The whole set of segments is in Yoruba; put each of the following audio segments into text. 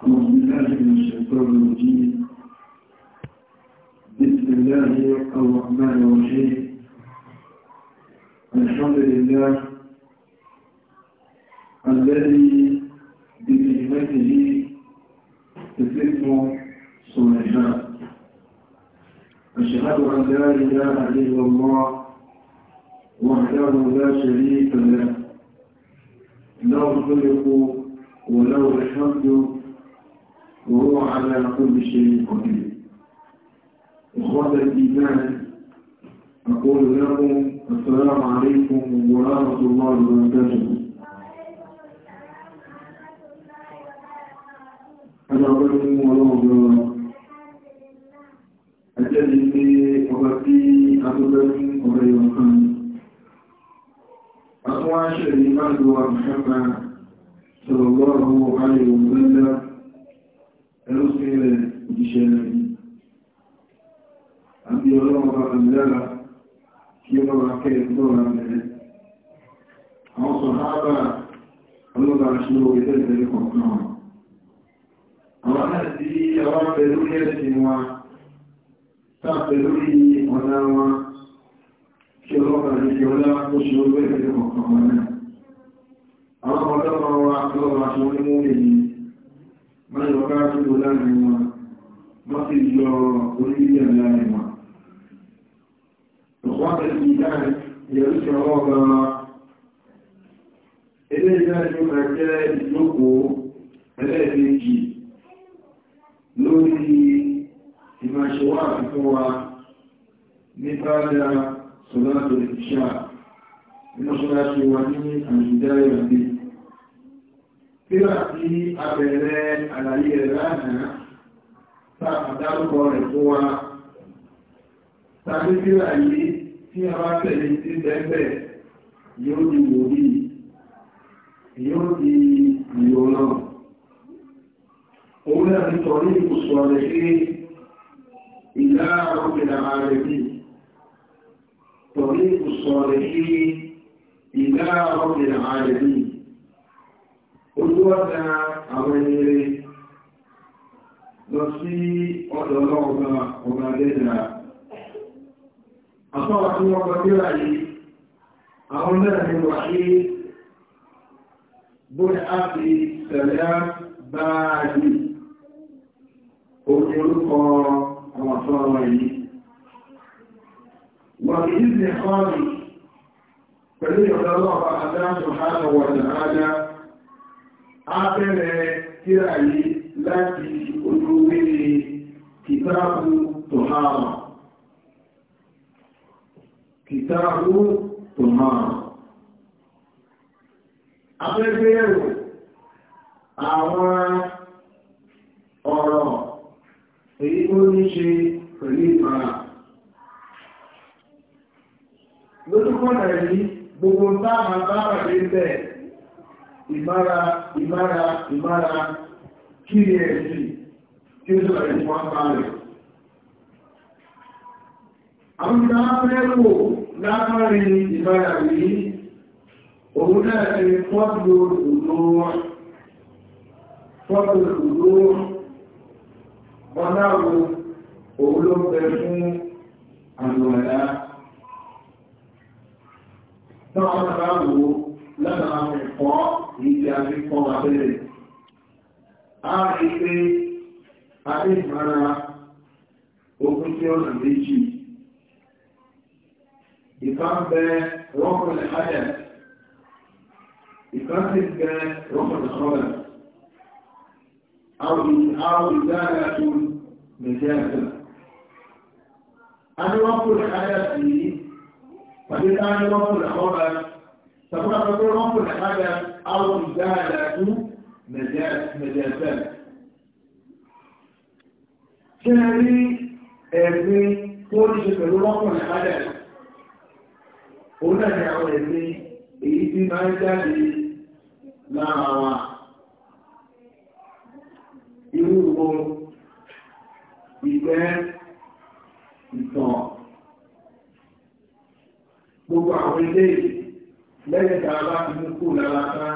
أعوذ بالله بسم الله الرحمن الرحيم الحمد لله الذي بنعمته تتم صالحات أشهد أن لا إله إلا الله وحده لا شريك له له الملك وله الحمد وهو على كل شيء قدير إخوة الإيمان أقول لكم السلام عليكم ورحمة الله وبركاته أنا أقول ولو أجل في وقتي أقول أولي وقتي أخوة شريفات محمد صلى الله عليه وسلم ẹ̀rọ sí rẹ̀ òjíṣẹ́ rẹ̀ àbí ọlọ́wọ́ bá mi lára kí ọlọ́wọ́ akẹ́rẹ̀ lọ́wọ́ rẹ̀ àwọn sọ̀hábà ọlọ́wọ́ aṣọ ìfẹ́ ìfẹ́ kọ̀ọ̀kan wọn àwọn náà tí àwọn abẹ lórí ẹ̀sìn wọn táàpẹ lórí ọ̀nà wọn kí ọlọ́wọ́ àti ọlá ó ṣe ọgbẹ́ ìfẹ́ kọ̀ọ̀kan wọn náà àwọn ọlọ́wọ́ wa lọ́wọ́ aṣọ onímọ̀ èyí má yọ káàkiri láàrin wọn má sì yọ orílẹ̀ láàrin wọn ọ̀pọ̀ àti ìdáyẹ ìyẹ̀rú sí ọwọ́ ọba ilé ìdáyẹ máa jẹ́ ìjókòó ẹlẹ́ẹ̀kejì lórí ìmáṣẹ́wà àfikún wa nípa dáa sọ̀lá àtòlẹ̀ ìṣà ìmọ̀ṣọ́lá ṣe wà ní àmì ìdáyẹ Tíra tí a bẹ̀rẹ̀ àlàyé rẹ̀ lánàá, tàbátárúkọ rẹ̀ fún wa. Tàbí tíra yìí tí a bá tẹ̀lé sí bẹ́ẹ̀bẹ̀ yóò di wòlí, yóò di ìyó náà. Òun náà ti ní ìkùsù ọ̀rẹ́ sí ìlà òkèlà ìlà òkèlà bí olúwọ́dá àwọn ẹnire lọ sí ọ̀dọ̀ ọlọ́ọ̀gbà ọba dẹ́dà àtọ́wà tí wọ́n kọ bí ráyí àwọn náà ni wà ní bóyá á fi sẹ̀lẹ́ báyìí òkè orúkọ àwọn àtọ́wà yìí wà ní ìsìn kọ́ọ̀lì pẹ̀lú ìrọ̀lọ́wọ́ àdáṣọ̀ abẹ́rẹ́ tíra yìí láti olówéré kìtàbù tòhárà kìtàbù tòhárà abẹ́rẹ́ ẹ̀rọ àwọn ọ̀rọ̀ èyí tó ní ṣe pẹ̀lú ìmọ̀ràn lójúkọ̀ọ́nà yìí gbogbo táwọn bá wà ní bẹ́ẹ̀ ìmára ìmára ìmára kí ni ẹ̀sì tí ó sọ̀rọ̀ ìfún apá rẹ̀. Àwọn ìdáwọ́pẹ́lò láàárín ìmára rí òun náà ti fọ́dù òdòwọ́. Fọ́dù òdòwọ́ ọ̀nàwò òun ló bẹ fún àlùwàdá. Náà wọ́n lọ́nà àwọn ẹ̀kọ́ ìdí àfikọ́ abẹ́rẹ́. A rí pé adé ìmára ogun tí ọ̀nà méjì. Ìkan bẹ rọ́pọ̀lẹ̀ ayẹ̀, ìkan sì bẹ rọ́pọ̀lẹ̀ sọ́lẹ̀. Àwọn ìdára tó mẹ̀jẹ̀ ẹ̀sẹ̀. Adé rọ́pọ̀lẹ̀ ayẹ̀ sí, pàdé saboda farko ranku da haɗa awon gada su najasar kina rí ẹ̀gbin tó ní ṣe pẹ̀lú ranku da haɗa òun náà ni àwọn ẹ̀gbin èyí tí máa ń jáde lára wa irú wo ìgbẹ́ ìtàn gbogbo àwọn ilé yìí lẹ́yìn tá a bá ti mú kú lára ká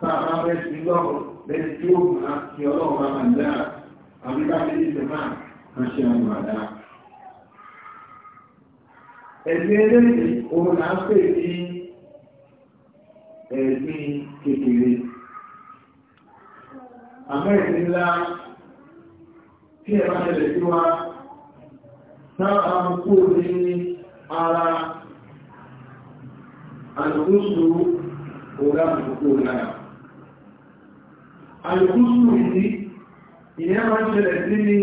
tá a bá fẹ́ sí lọ́rọ̀ lẹ́yìn tí ó máa ti ọlọ́run bá máa dá àbí ká fi ṣe máa kan ṣe àwọn àdá. ẹ̀sìn eléyìí òun là ń pè ní ẹ̀sìn kékeré. àmọ́ ẹ̀sìn ńlá tí ẹ̀ bá ṣẹlẹ̀ sí wa tá a mú kú ní ara. alùkúsù ọ̀gá àbùkù ọ̀lára. alùkúsù yìí ìyẹ́ máa ń ṣẹlẹ̀ sí ní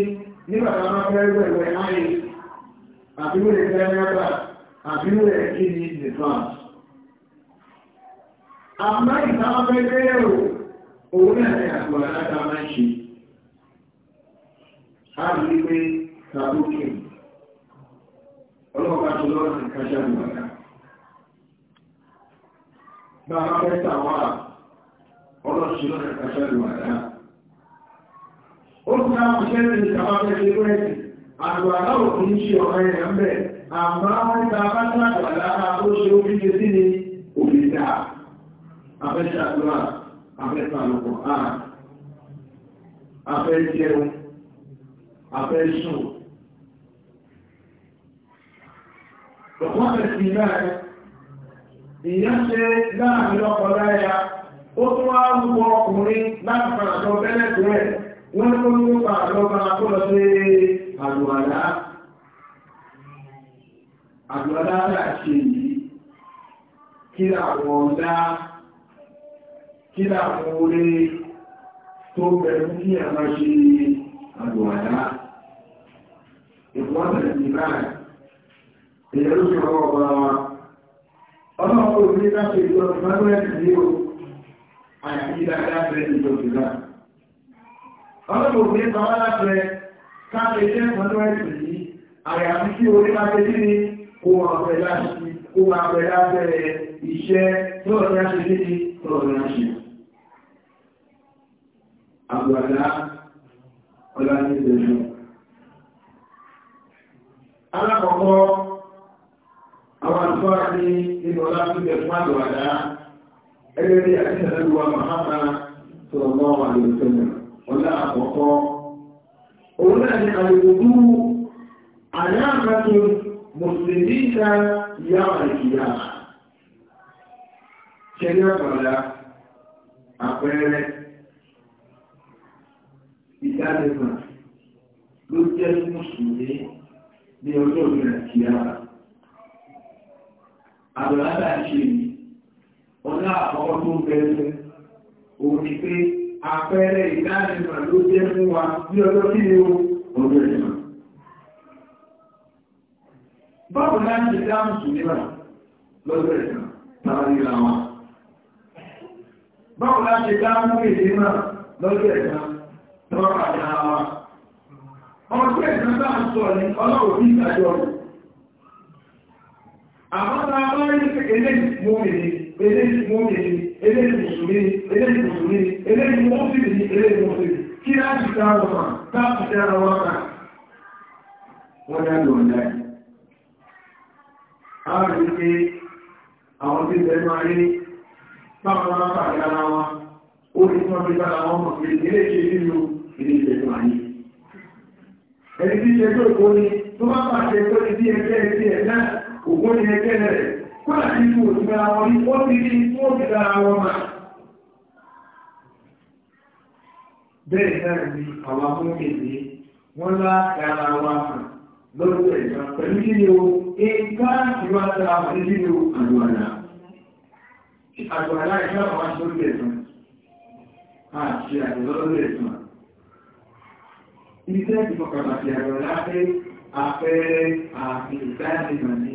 nígbàtà máa fẹ́ wẹ̀wẹ̀ ayé àbíwẹ̀ ni nìfàn. àmá ìtàwọ́fẹ́ gẹ́rò òun náà ni àtò àdáta máa ń ṣe. a rí i pé tàbí kí ọlọ́pàá bá a fẹ́ tà wá ọlọ́ṣù lọ́nà kàṣà lù àdá. Ó ti ká àwọn iṣẹ́ lè ta wá fẹ́ ṣe bẹ́ẹ̀sì, àlù àlá ò kì í ṣe ọ̀rọ̀ ẹ̀yà ń bẹ̀. Àmọ́ ta bá tún àgbà lára tó ṣe ó fi ṣe sí ni òfin dà. Afẹ́ ṣàdúrà, afẹ́ pàlùkọ̀ á. Afẹ́ jẹun, afẹ́ sùn. Lọ́pọ̀ àfẹ́ sí náà ìyá ṣe láàrin ọkọ láyá ó tún wá rúkọ ọkùnrin láti padà lọ tẹ́lẹ̀ tó ẹ̀ wọ́n tó ń pa àlọ́ba tó lọ sí àlùwàlá àlùwàlá láti yìí kí àwọn ọ̀dá kí àwọn tó bẹ̀rù kí a máa ṣe àlùwàlá ìwọ́n tẹ̀lẹ̀ ìbáyìí èyí ló fi ọlọ́run kò ní láti ìjọ ìgbàlóẹ̀kì ní o àyàfi dáadáa fẹ́ ìjọ ìgbà ọlọ́run kò ní bàbá láti rẹ káàkiri jẹ́ ìgbàlóẹ̀kì yìí àyàfi tí orí máa tẹ́lẹ̀ ní kó máa fẹ́ láti kó máa fẹ́ láti iṣẹ́ lọ́rọ̀ ní aṣe ní lọ́rọ̀ ní aṣe àgbàdá ọlá ní ìgbẹ̀jọ alákọ̀ọ́kọ́ àwọn àtúwà ní inú ọlábíbẹ̀ fún àlùwàdá ẹgbẹ́ bí àti ìrẹ́lúwà mahama sọ̀rọ̀ mọ́ àlùsẹ̀mù ọlá àkọ́kọ́ òun náà ni àlùkùdú àyàmàtò mùsùlùmí ta ìyá àìkìyà ṣẹlẹ̀ àgbàlá àpẹẹrẹ ìdánimọ̀ ló jẹ́ mùsùlùmí ní ọjọ́ ìrìnàkìyà àbẹ̀láta ṣe ní ọ̀nà àkọ́kọ́ tó bẹ̀rẹ̀ òun ni pé àpẹẹrẹ ìdánimọ̀ ló jẹ́ fún wa ní ọjọ́ kí ni ọjọ́ ìmọ̀ láti dáhùn náà lọ́jọ́ ìmọ̀ tọ́rọ̀ àjá wa ní ọlọ́wọ̀ àmọ́ta bá rí sí eléyìí mọ́mìnì eléyìí mọ́mìnì eléyìí mùsùlùmí eléyìí mùsùlùmí eléyìí mọ́sílì eléyìí mọ́sílì kí á ti ta tá a ti ara wọn kà wọ́n dá lò ọ̀dá yìí. a rí pé àwọn tí ìbẹ̀rù ayé báwọn bá pàdé ara wọn ó ní wọ́n fi bára wọn mọ̀ pé ilé ṣe nílò ilé ìbẹ̀rù ayé. ẹni tí ṣe tó ìkóni tó bá pàṣẹ tó ti ẹgbẹ́ ẹgbẹ́ náà òkú ní ẹgbẹ́ rẹ̀ kúrò ní ìlú òṣìṣẹ́ àwọn ní wọ́n ti rí tí wọ́n ti dára wọn mà. bẹ́ẹ̀ náà ni àwọn amúnkèdè wọ́n lá dára wa mà lọ́dún ẹ̀gbọ́n pẹ̀lú kí ni o ẹ̀ka ìwà dára wọn ní kí ni o àlùwàlà. àlùwàlà ìṣẹ́ àwọn aṣọ lórí ẹ̀sán àti àlùwàlà ẹ̀sán. ibi tẹ́ẹ̀tì fọkànlá ti àlùwàlà pé àpẹẹrẹ àti ìdánimọ̀ ni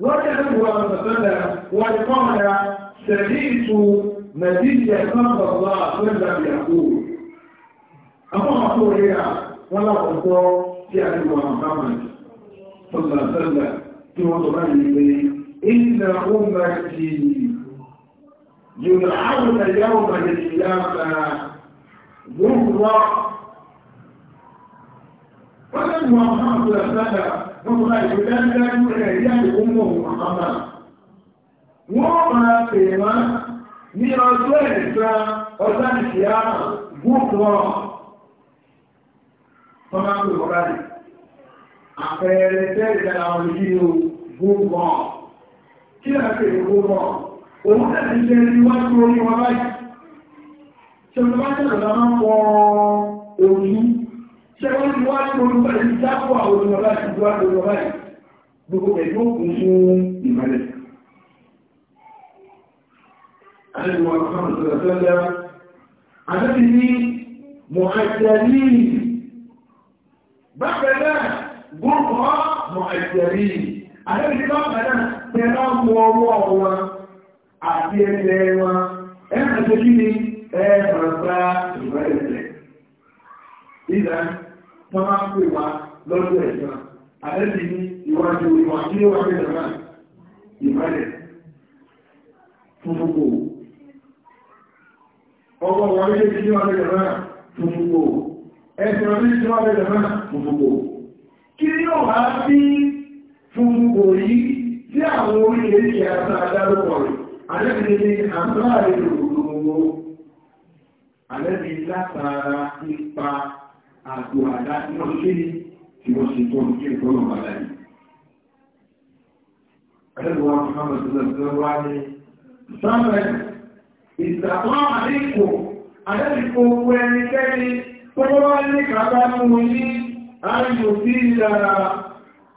وكأنه مثلا وقال سمعت نبي صلى الله عليه وسلم يقول أما أقول هنا إيه؟ ولا أقول في أبي محمد صلى الله عليه وسلم في وضعه إن أمتي يلعون يوم القيامة ذكرى ولم محمد صلى الله عليه وسلم Wọ́n ní ọjọ́ ẹ̀sán ọjọ́ ìṣìyàmà gúúkọ́. Wọ́n máa pè wọ́n ráyìí. Àpẹẹrẹ tẹ́ ìdára wọn yìí o Kí là ń pè ní Òun náà ti ṣe ní ṣé wọ́n ti wá ní olùkọ́ ẹni dákọ̀ àwọn olùmọ̀lá ti wá olùmọ̀lá yìí gbogbo ẹ̀ yóò kún fún ìmọ̀lẹ̀. Àdébìwọ̀n Mùhàmmad sọ̀rọ̀ sọ́lá, àdébì ní Mùhàjẹ́lì, bákan náà gbogbo Mùhàjẹ́lì, àdébì ní bákan náà wọ́n máa ń pè wá lọ́dún ẹ̀sán àlẹ́bí ní ìwájú ìwà tí ó wà nílẹ̀ náà ìmọ̀lẹ̀ fún gbogbo ọgbọ̀ wọ́n rí èdè tí wà nílẹ̀ náà fún gbogbo ẹ̀sìn orí tí wà nílẹ̀ náà fún gbogbo kí ni ó wá sí fún gbogbo yìí tí àwọn orí èdè àti àdárúkọ rẹ̀ àlẹ́bí ní àtúrà èdè òkúrò àlẹ́bí látara ipa àpò àdá tí wọ́n ṣe ní tí wọ́n ṣe tó ń kí ìtọ́nà bàdá yìí. Ẹlẹ́gbọ̀n Muhammad Sọ́lọ́sọ́ wá ní Samuel ìtàkọ́ àdínkù àdínkù owó ẹnikẹ́ni tó wá ní kàbá mú ní ayò sí ìlànà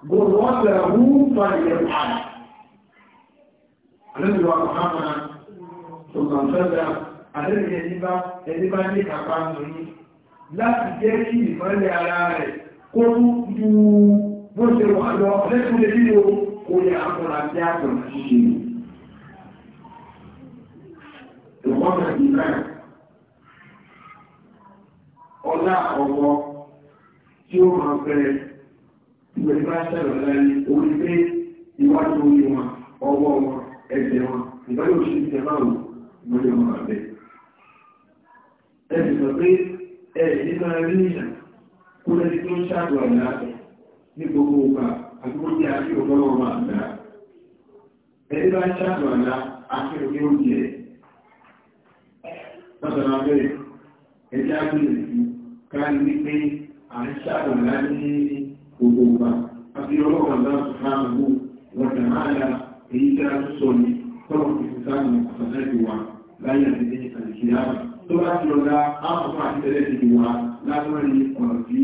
gbogbo ọ̀sẹ̀ wú fàyẹ̀ pàdé. Ẹlẹ́gbọ̀n Muhammad Sọ́lọ́sọ́ wá ní ẹni bá ní kàbá mú ní láti jẹ́ kí ìmọ́lẹ̀ ara rẹ̀ kó ju bó ṣe wà lọ lẹ́kùn lè nílò kò yẹ àkọ́lá tí a kọ̀ láti ṣe ìwọ́nà ìgbà ọlá ọwọ́ tí ó máa bẹ̀rẹ̀ ìwẹ̀ bá ṣẹlẹ̀ lẹ́yìn orí pé ìwájú orí wọn ọwọ́ wọn ẹ̀jẹ̀ wọn ìbáyọ̀ ṣe ìjẹ̀ márùn-ún ìmọ́lẹ̀ wọn àbẹ̀ ẹ̀sìn sọ pé ẹ̀rì máa rí èèyàn kó lẹ́ni tó ń ṣàdù àdá ní gbogbo ọgbà àti ó jẹ́ àti ọgọ́rọ̀ ọmọ àdá ẹ̀rì máa ń ṣàdù àdá àti òkè oúnjẹ lọ́sọ̀rọ̀ abẹ́rẹ́ ẹ̀jẹ̀ àgbẹ̀rẹ̀ káàlì wípé à ń ṣàdù àdá ní gbogbo ọgbà àti ọlọ́wọ́ àdá sùfàmù wọ̀tẹ̀ máa ya èyí tí a tún sọ ní tọ́lọ̀ fi sáàmù àtàlẹ́bí wa láyé àti bá ti lọ́la, á mọ̀ fún àti tẹ́lẹ̀ ti wà lágbọ́n ní ọ̀nà tí